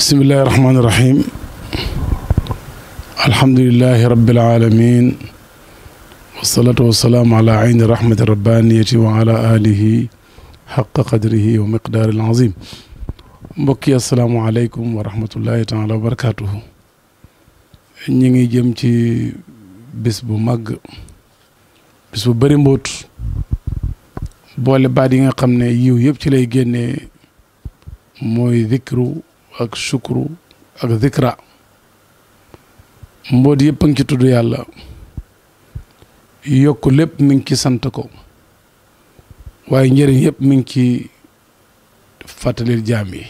bismillahi irrahmani irrahim alhamdulilahi rabilalamin wasalaatu wasalaamu ala ayni rahmati rabbaniyati wa ala alihi xaqa qadrihi wa miqdaari alazim mbokki asalaamu aleykum wa rahmatullahi taala wa barakatuhu ñi ngi jëm ci bis bu màgg bis bu bëri mbóot boole baat yi nga xam ne yiw yëpp ci lay génnee mooy dikru ak sukru ak zikra mboot yëpp a ngi ci tudd yàlla yokk lépp mi ngi ci sant ko waaye njëriñ yëpp mi ngi ci fàttalil jaam yi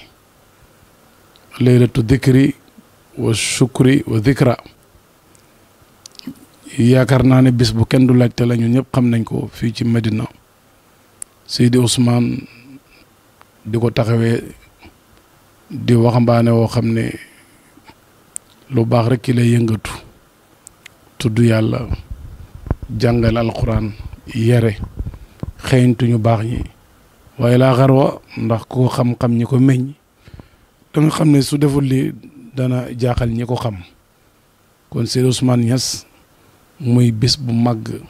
laylatu dikri wa sukri wa dikra yaakaar naa ne bis bu kenn du laajte la ñun ñëpp xam nañ ko fii ci Medina Seydi Ousmane di ko taxawee di waxambaane woo xam ne lu baax rek ki lay yëngatu tudd yàlla jàngal alxuraan yere xeeñtu ñu baax ñi waaye laa xarwa ndax ku xam-xam ñi ko meññ da xam ne su deful li dana jaaxal ñi ko xam kon Seydi Ousmane Niass muy bis bu màgg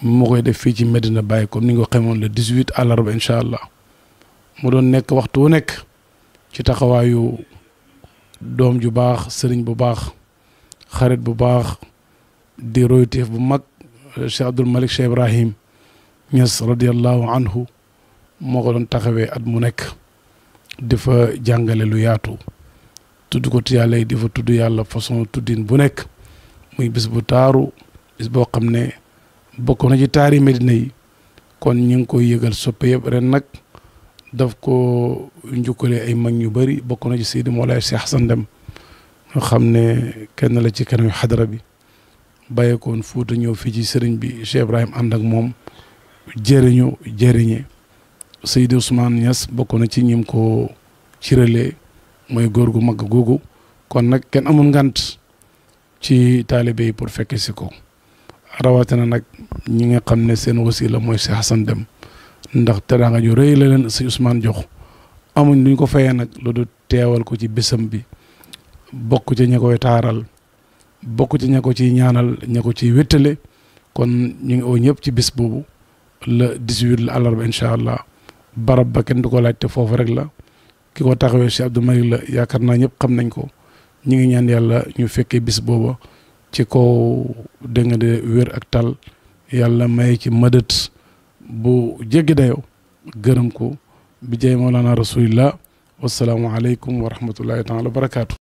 mu koy def fii ci Medina Baye comme ni nga ko xamoon le 18 àllarba incha allah mu doon nekk waxtu wu nekk ci taxawaayu doom ju baax sëriñ bu baax xarit bu baax di royteef bu mag Cheikh Abdul Malik Cheikh Ibrahim Niass radiallahu anhu moo ko doon taxawee at mu nekk di fa jàngale lu yaatu tudd ko ci yàlla di fa tudd yàlla façon tuddin bu nekk muy bis bu taaru bis boo xam ne bokk na ci taari Medina yi kon ñu ngi koy yëgal soppe yëpp ren nag daf ko njukkale ay mag yu bëri bokk na ci Seydi Mawlaay Si Xasan Dem nga xam ne kenn la ci kanam xadara bi bàyye bàyyeekoon Fuuta ñëw fii ci sëriñ bi Cheikh Ibrahim ànd ak moom jëriñu jëriñe Seydi Ousmane Niass bokk na ci ñim ko cirale mooy góor gu mag googu kon nag kenn amul ngant ci taalibe yi pour fekke si ko rawatina nag ñi nga xam ne seen wasila mooy si Xasan Dem ndax teraanga ju rëy la leen sëñ Ousmane jox amuñ luñ ko fayee nag lu du teewal ko ci bésam bi bokk ci ña koy taaral bokk ci ña ko ciy ñaanal ña ko ciy wéttale kon ñu ngi oo ñëpp ci bés boobu la 18 la àllarba incha allah barab ba kenn du ko laajte foofu rek la ki ko taxawee si Abdou Malick la yaakaar naa ñëpp xam nañ ko ñu ngi ñaan yàlla ñu fekkee biss booba ci kaw dégg nga de wér ak tal yàlla may ci mëdët bu jéggi dayoo gërëm ko bi jay Mawlana rasulillah wasalaamualeykum wa rahmatullahi taala wa barakaatu.